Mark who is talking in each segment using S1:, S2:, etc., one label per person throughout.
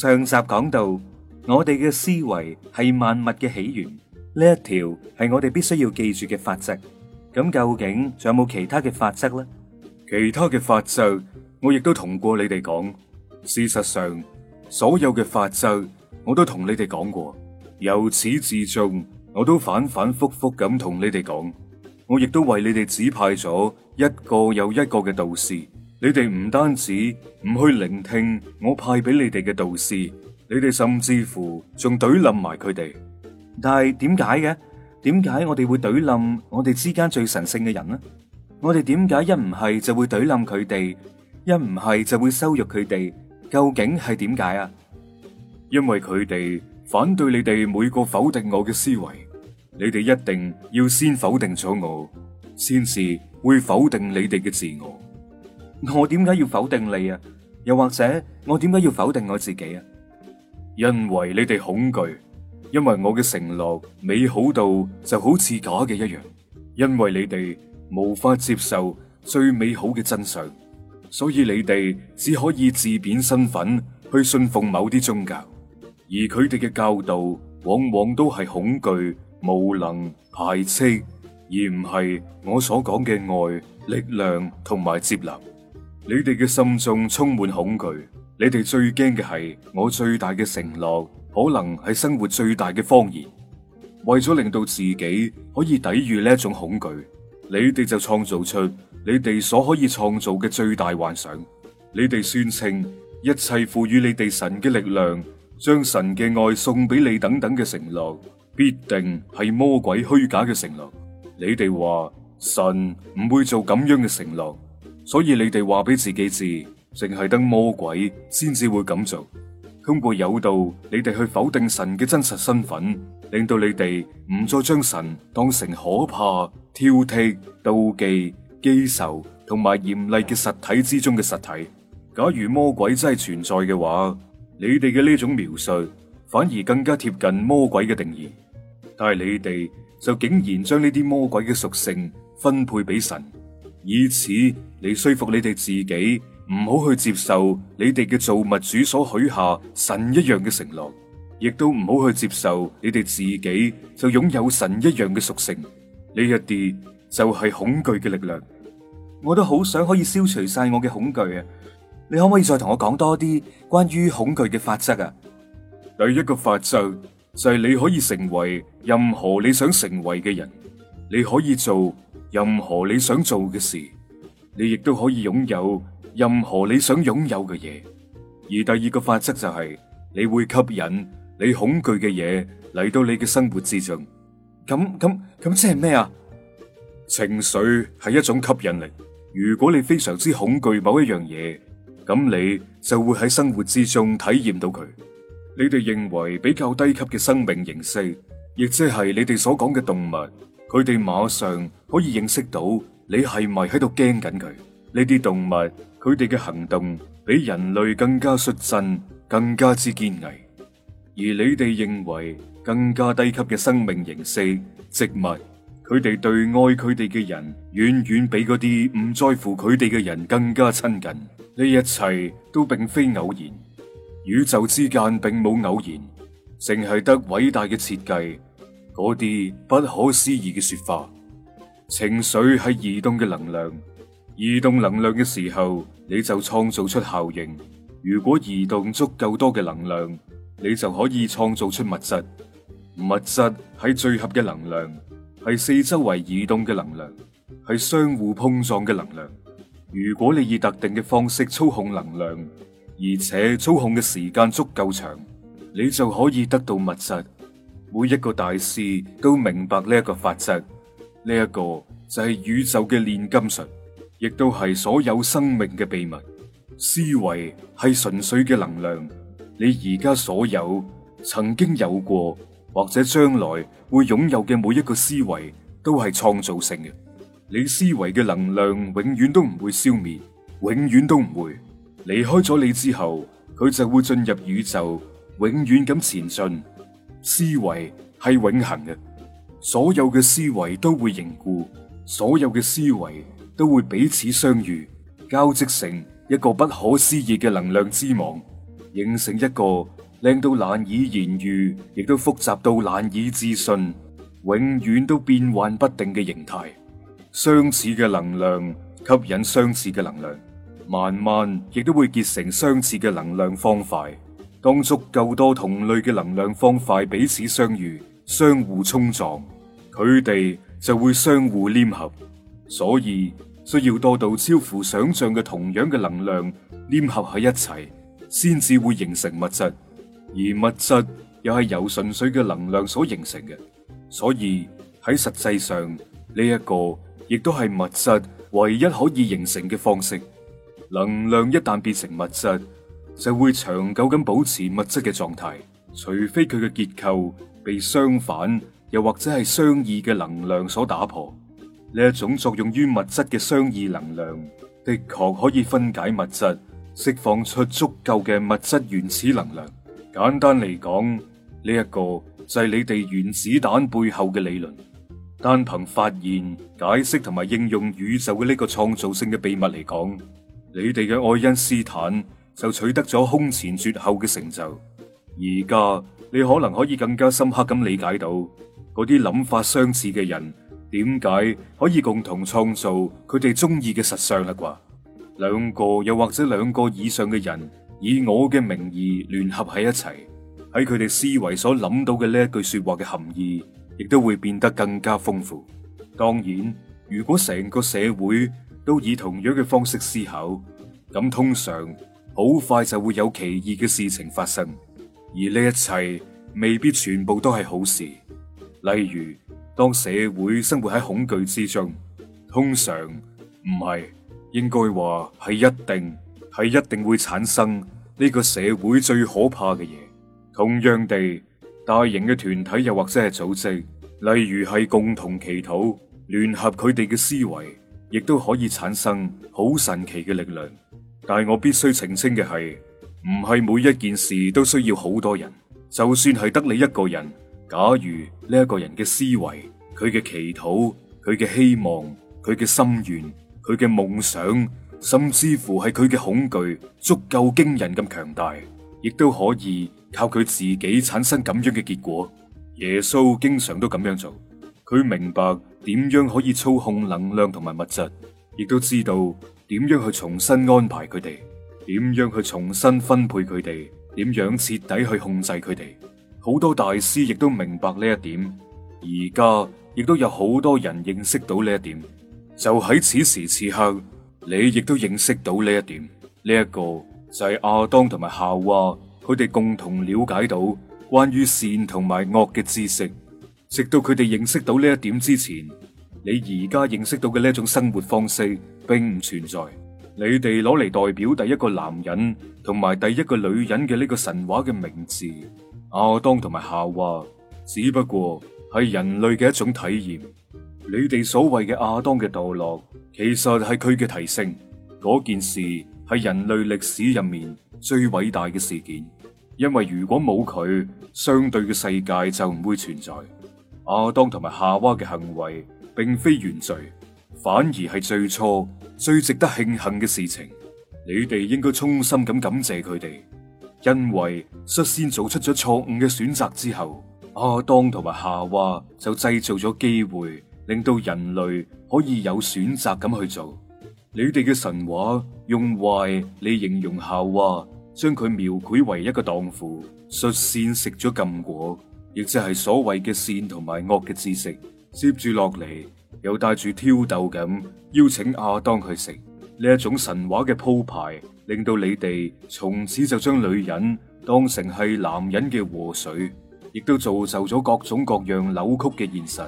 S1: 上集講到，我哋嘅思維係萬物嘅起源，呢一條係我哋必須要記住嘅法則。咁究竟仲有冇其他嘅法則呢？其他嘅法則，我亦都同過你哋講。事實上，所有嘅法則，我都同你哋講過。由始至終，我都反反复复咁同你哋講。我亦都為你哋指派咗一個又一個嘅導師。你哋唔單止唔去聆聽我派俾你哋嘅導師，你哋甚至乎仲懟冧埋佢哋。但係點解嘅？點解我哋會懟冧我哋之間最神聖嘅人呢？我哋點解一唔係就會懟冧佢哋，一唔係就會羞辱佢哋？究竟係點解啊？因為佢哋反對你哋每個否定我嘅思維，你哋一定要先否定咗我，先至會否定你哋嘅自我。我點解要否定你啊？又或者我點解要否定我自己啊？因為你哋恐懼，因為我嘅承諾美好到就好似假嘅一樣。因為你哋無法接受最美好嘅真相，所以你哋只可以自貶身份去信奉某啲宗教，而佢哋嘅教導往往都係恐懼、無能、排斥，而唔係我所講嘅愛、力量同埋接納。你哋嘅心中充滿恐懼，你哋最驚嘅係我最大嘅承諾，可能係生活最大嘅謊言。為咗令到自己可以抵御呢一種恐懼，你哋就創造出你哋所可以創造嘅最大幻想。你哋宣稱一切賦予你哋神嘅力量，將神嘅愛送俾你等等嘅承諾，必定係魔鬼虛假嘅承諾。你哋話神唔會做咁樣嘅承諾。所以你哋話俾自己知，淨係得魔鬼先至會咁做。通過誘導你哋去否定神嘅真實身份，令到你哋唔再將神當成可怕、挑剔、妒忌、記仇同埋嚴厲嘅實體之中嘅實體。假如魔鬼真係存在嘅話，你哋嘅呢種描述反而更加貼近魔鬼嘅定義。但係你哋就竟然將呢啲魔鬼嘅屬性分配俾神，以此。你說服你哋自己唔好去接受你哋嘅造物主所許下神一樣嘅承諾，亦都唔好去接受你哋自己就擁有神一樣嘅屬性。呢一啲就係恐懼嘅力量。我都好想可以消除晒我嘅恐懼啊！你可唔可以再同我講多啲關於恐懼嘅法則啊？第一個法則就係你可以成為任何你想成為嘅人，你可以做任何你想做嘅事。你亦都可以擁有任何你想擁有嘅嘢，而第二個法則就係，你會吸引你恐懼嘅嘢嚟到你嘅生活之中。咁咁咁，即係咩啊？情緒係一種吸引力。如果你非常之恐懼某一樣嘢，咁你就會喺生活之中體驗到佢。你哋認為比較低級嘅生命形式，亦即係你哋所講嘅動物，佢哋馬上可以認識到。你係咪喺度驚緊佢？呢啲動物，佢哋嘅行動比人類更加率真，更加之堅毅。而你哋認為更加低級嘅生命形式，植物，佢哋對愛佢哋嘅人，遠遠比嗰啲唔在乎佢哋嘅人更加親近。呢一切都並非偶然，宇宙之間並冇偶然，淨係得偉大嘅設計。嗰啲不可思議嘅說法。情緒係移動嘅能量，移動能量嘅時候，你就創造出效應。如果移動足夠多嘅能量，你就可以創造出物質。物質係聚合嘅能量，係四周圍移動嘅能量，係相互碰撞嘅能量。如果你以特定嘅方式操控能量，而且操控嘅時間足夠長，你就可以得到物質。每一個大師都明白呢個法則。呢一個就係宇宙嘅煉金術，亦都係所有生命嘅秘密。思維係純粹嘅能量，你而家所有、曾經有過或者將來會擁有嘅每一個思維，都係創造性嘅。你思維嘅能量永遠都唔會消滅，永遠都唔會，離開咗你之後，佢就會進入宇宙，永遠咁前進。思維係永恆嘅。所有嘅思維都會凝固，所有嘅思維都會彼此相遇，交織成一個不可思議嘅能量之網，形成一個靚到難以言喻，亦都複雜到難以置信，永遠都變幻不定嘅形態。相似嘅能量吸引相似嘅能量，慢慢亦都會結成相似嘅能量方塊。當足夠多同類嘅能量方塊彼此相遇、相互衝撞。佢哋就會相互黏合，所以需要多到超乎想象嘅同樣嘅能量黏合喺一齊，先至會形成物質。而物質又係由純粹嘅能量所形成嘅，所以喺實際上呢一個亦都係物質唯一可以形成嘅方式。能量一旦變成物質，就會長久咁保持物質嘅狀態，除非佢嘅結構被相反，又或者係相異嘅能量所打破，呢一種作用於物質嘅相異能量，的確可以分解物質，釋放出足夠嘅物質原始能量。簡單嚟講，呢、這、一個就係你哋原子彈背後嘅理論。單憑發現、解釋同埋應用宇宙嘅呢個創造性嘅秘密嚟講，你哋嘅愛因斯坦就取得咗空前絕後嘅成就。而家你可能可以更加深刻咁理解到。嗰啲諗法相似嘅人，點解可以共同創造佢哋中意嘅實相啦啩？兩個又或者兩個以上嘅人以我嘅名義聯合喺一齊，喺佢哋思維所諗到嘅呢一句說話嘅含義，亦都會變得更加豐富。當然，如果成個社會都以同樣嘅方式思考，咁通常好快就會有奇異嘅事情發生，而呢一切未必全部都係好事。例如，當社會生活喺恐懼之中，通常唔係，應該話係一定，係一定會產生呢個社會最可怕嘅嘢。同樣地，大型嘅團體又或者係組織，例如係共同祈禱、聯合佢哋嘅思維，亦都可以產生好神奇嘅力量。但係我必須澄清嘅係，唔係每一件事都需要好多人，就算係得你一個人。假如呢一個人嘅思維、佢嘅祈禱、佢嘅希望、佢嘅心願、佢嘅夢想，甚至乎係佢嘅恐懼，足夠驚人咁強大，亦都可以靠佢自己產生咁樣嘅結果。耶穌經常都咁樣做，佢明白點樣可以操控能量同埋物質，亦都知道點樣去重新安排佢哋，點樣去重新分配佢哋，點樣徹底去控制佢哋。好多大師亦都明白呢一點，而家亦都有好多人認識到呢一點。就喺此時此刻，你亦都認識到呢一點。呢一個就係亞當同埋夏娃，佢哋共同了解到關於善同埋惡嘅知識。直到佢哋認識到呢一點之前，你而家認識到嘅呢一種生活方式並唔存在。你哋攞嚟代表第一個男人同埋第一個女人嘅呢個神話嘅名字。阿當同埋夏娃只不過係人類嘅一種體驗，你哋所謂嘅亞當嘅墮落，其實係佢嘅提升。嗰件事係人類歷史入面最偉大嘅事件，因為如果冇佢，相對嘅世界就唔會存在。亞當同埋夏娃嘅行為並非原罪，反而係最初最值得慶幸嘅事情。你哋應該衷心咁感謝佢哋。因為率先做出咗錯誤嘅選擇之後，阿當同埋夏娃就製造咗機會，令到人類可以有選擇咁去做。你哋嘅神話用壞嚟，形容夏娃，將佢描繪為一個蕩婦，率先食咗禁果，亦即係所謂嘅善同埋惡嘅知識。接住落嚟，又帶住挑逗咁邀請阿當去食。呢一種神話嘅鋪排。令到你哋從此就將女人當成係男人嘅禍水，亦都造就咗各種各樣扭曲嘅現實。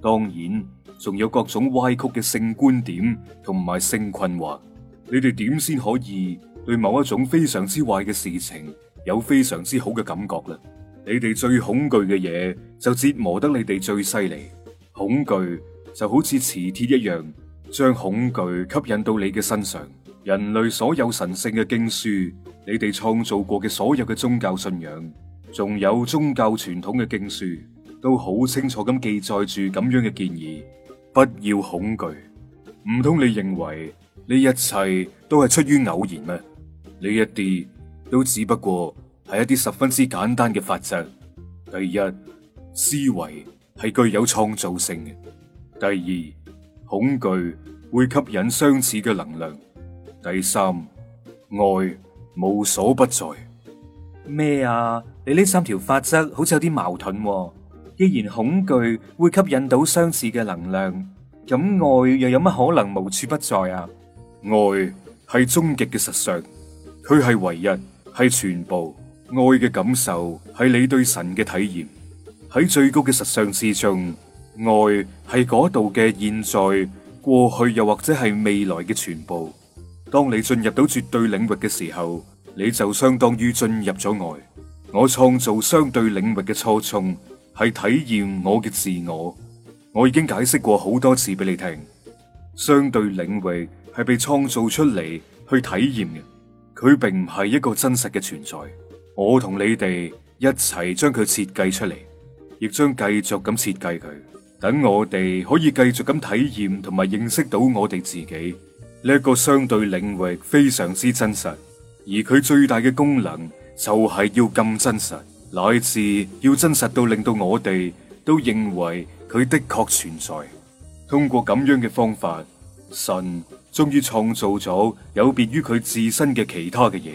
S1: 當然，仲有各種歪曲嘅性觀點同埋性困惑。你哋點先可以對某一種非常之壞嘅事情有非常之好嘅感覺呢？你哋最恐懼嘅嘢就折磨得你哋最犀利。恐懼就好似磁鐵一樣，將恐懼吸引到你嘅身上。人類所有神聖嘅經書，你哋創造過嘅所有嘅宗教信仰，仲有宗教傳統嘅經書，都好清楚咁記載住咁樣嘅建議：不要恐懼。唔通你認為呢一切都係出於偶然咩？呢一啲都只不過係一啲十分之簡單嘅法則。第一，思維係具有創造性嘅；第二，恐懼會吸引相似嘅能量。第三，愛無所不在。咩啊？你呢三條法則好似有啲矛盾喎啊。既然恐懼會吸引到相似嘅能量，咁愛又有乜可能無處不在啊？愛係終極嘅實相，佢係唯一，係全部。愛嘅感受係你對神嘅體驗，喺最高嘅實相之中，愛係嗰度嘅現在、過去又或者係未來嘅全部。當你進入到絕對領域嘅時候，你就相當於進入咗外。我創造相對領域嘅初衷係體驗我嘅自我。我已經解釋過好多次俾你聽，相對領域係被創造出嚟去體驗嘅，佢並唔係一個真實嘅存在。我同你哋一齊將佢設計出嚟，亦將繼續咁設計佢，等我哋可以繼續咁體驗同埋認識到我哋自己。呢個相對領域非常之真實，而佢最大嘅功能就係要咁真實，乃至要真實到令到我哋都認為佢的確存在。通過咁樣嘅方法，神終於創造咗有別於佢自身嘅其他嘅嘢，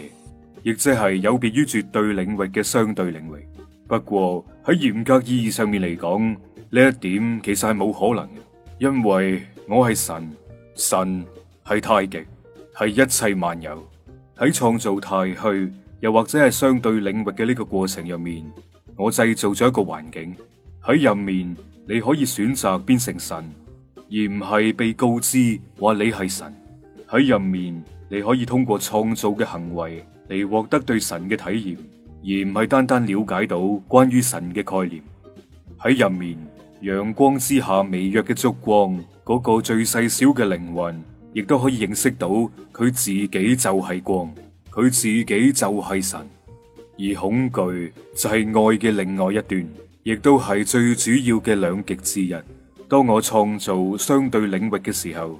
S1: 亦即係有別於絕對領域嘅相對領域。不過喺嚴格意義上面嚟講，呢一點其實係冇可能嘅，因為我係神，神。係太極，係一切萬有喺創造太虛，又或者係相對領域嘅呢個過程入面，我製造咗一個環境喺入面，你可以選擇變成神，而唔係被告知話你係神。喺入面，你可以通過創造嘅行為嚟獲得對神嘅體驗，而唔係單單了解到關於神嘅概念。喺入面，陽光之下微弱嘅燭光，嗰、那個最細小嘅靈魂。亦都可以認識到佢自己就係光，佢自己就係神，而恐懼就係愛嘅另外一端，亦都係最主要嘅兩極之一。當我創造相對領域嘅時候，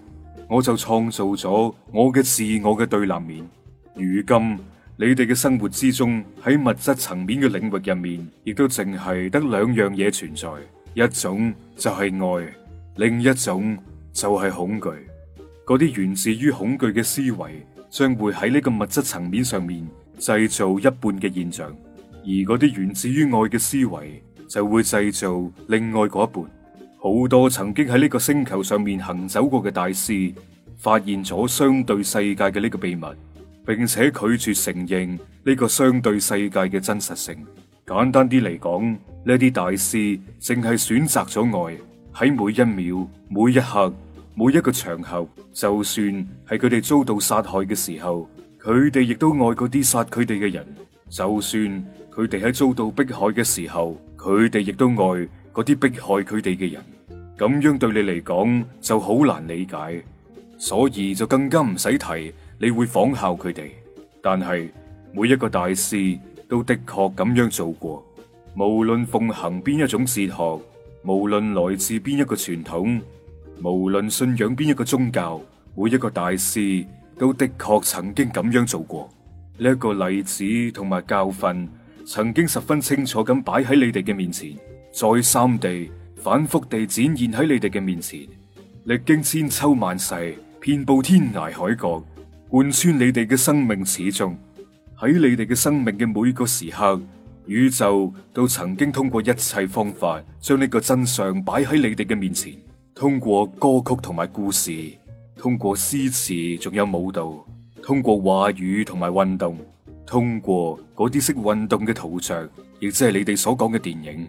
S1: 我就創造咗我嘅自我嘅對立面。如今你哋嘅生活之中，喺物質層面嘅領域入面，亦都淨係得兩樣嘢存在，一種就係愛，另一種就係恐懼。嗰啲源自於恐懼嘅思維，將會喺呢個物質層面上面製造一半嘅現象，而嗰啲源自於愛嘅思維就會製造另外嗰一半。好多曾經喺呢個星球上面行走過嘅大師，發現咗相對世界嘅呢個祕密，並且拒絕承認呢個相對世界嘅真實性。簡單啲嚟講，呢啲大師淨係選擇咗愛，喺每一秒，每一刻。每一個場合，就算係佢哋遭到殺害嘅時候，佢哋亦都愛嗰啲殺佢哋嘅人；就算佢哋喺遭到迫害嘅時候，佢哋亦都愛嗰啲迫害佢哋嘅人。咁樣對你嚟講就好難理解，所以就更加唔使提你會仿效佢哋。但係每一個大師都的確咁樣做過，無論奉行邊一種哲學，無論來自邊一個傳統。無論信仰邊一個宗教，每一個大師都的確曾經咁樣做過。呢個例子同埋教訓，曾經十分清楚咁擺喺你哋嘅面前，再三地反覆地展現喺你哋嘅面前，歷經千秋萬世，遍布天涯海角，貫穿你哋嘅生命始終，喺你哋嘅生命嘅每個時刻，宇宙都曾經通過一切方法將呢個真相擺喺你哋嘅面前。通過歌曲同埋故事，通過詩詞，仲有舞蹈，通過話語同埋運動，通過嗰啲識運動嘅圖像，亦即係你哋所講嘅電影，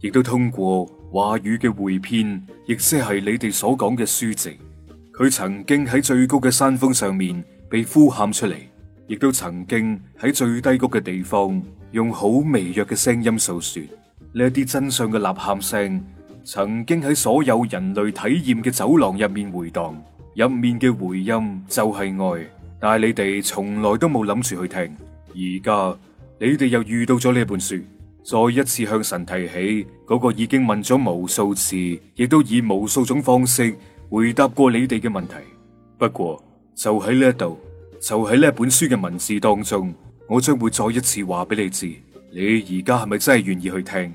S1: 亦都通過話語嘅匯編，亦即係你哋所講嘅書籍。佢曾經喺最高嘅山峰上面被呼喊出嚟，亦都曾經喺最低谷嘅地方用好微弱嘅聲音訴說呢一啲真相嘅吶喊聲，曾經喺所有人類體驗嘅走廊入面回蕩，入面嘅回音就係愛，但係你哋從來都冇諗住去聽。而家你哋又遇到咗呢本書，再一次向神提起嗰個已經問咗無數次，亦都以無數種方式回答過你哋嘅問題。不過就喺呢一度，就喺呢本書嘅文字當中，我將會再一次話俾你知，你而家係咪真係願意去聽？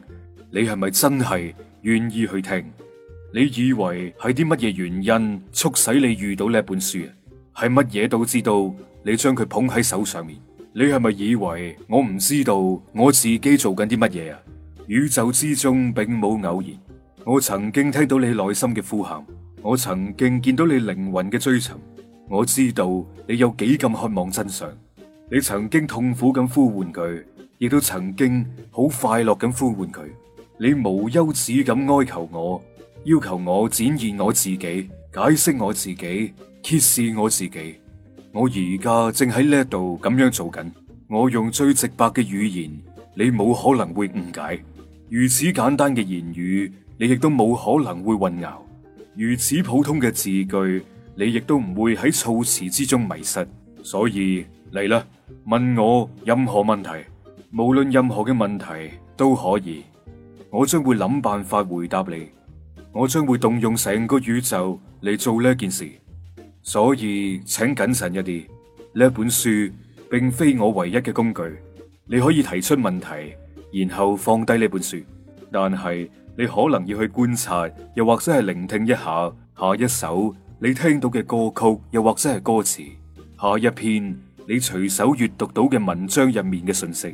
S1: 你係咪真係？願意去聽，你以為係啲乜嘢原因促使你遇到呢本書啊？係乜嘢都知道，你將佢捧喺手上面，你係咪以為我唔知道我自己做緊啲乜嘢啊？宇宙之中並冇偶然，我曾經聽到你內心嘅呼喊，我曾經見到你靈魂嘅追尋，我知道你有幾咁渴望真相，你曾經痛苦咁呼喚佢，亦都曾經好快樂咁呼喚佢。你無休止咁哀求我，要求我展現我自己，解釋我自己，揭示我自己。我而家正喺呢度咁樣做緊。我用最直白嘅語言，你冇可能會誤解。如此簡單嘅言語，你亦都冇可能會混淆。如此普通嘅字句，你亦都唔會喺措辭之中迷失。所以嚟啦，問我任何問題，無論任何嘅問題都可以。我將會諗辦法回答你，我將會動用成個宇宙嚟做呢件事，所以請謹慎一啲。呢本書並非我唯一嘅工具，你可以提出問題，然後放低呢本書，但係你可能要去觀察，又或者係聆聽一下下一首你聽到嘅歌曲，又或者係歌詞，下一篇你隨手閱讀到嘅文章入面嘅信息，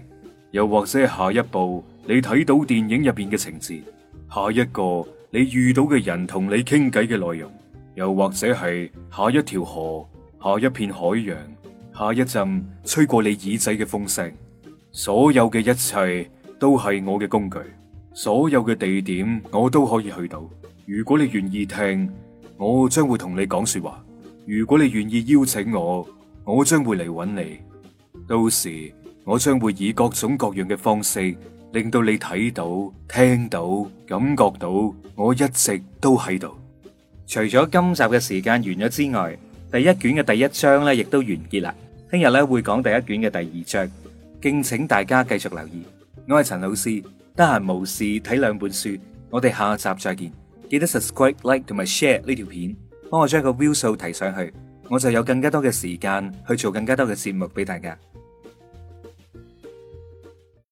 S1: 又或者係下一步。你睇到電影入邊嘅情節，下一個你遇到嘅人同你傾偈嘅內容，又或者係下一條河、下一片海洋、下一陣吹過你耳仔嘅風聲，所有嘅一切都係我嘅工具，所有嘅地點我都可以去到。如果你願意聽，我將會同你講說話；如果你願意邀請我，我將會嚟搵你。到時我將會以各種各樣嘅方式。令到你睇到、聽到、感覺到，我一直都喺度。除咗今集嘅時間完咗之外，第一卷嘅第一章咧，亦都完結啦。聽日咧會講第一卷嘅第二章，敬請大家繼續留意。我係陳老師，得閒無事睇兩本書，我哋下集再見。記得 subscribe、like 同埋 share 呢條片，幫我將個 view 數提上去，我就有更加多嘅時間去做更加多嘅節目畀大家。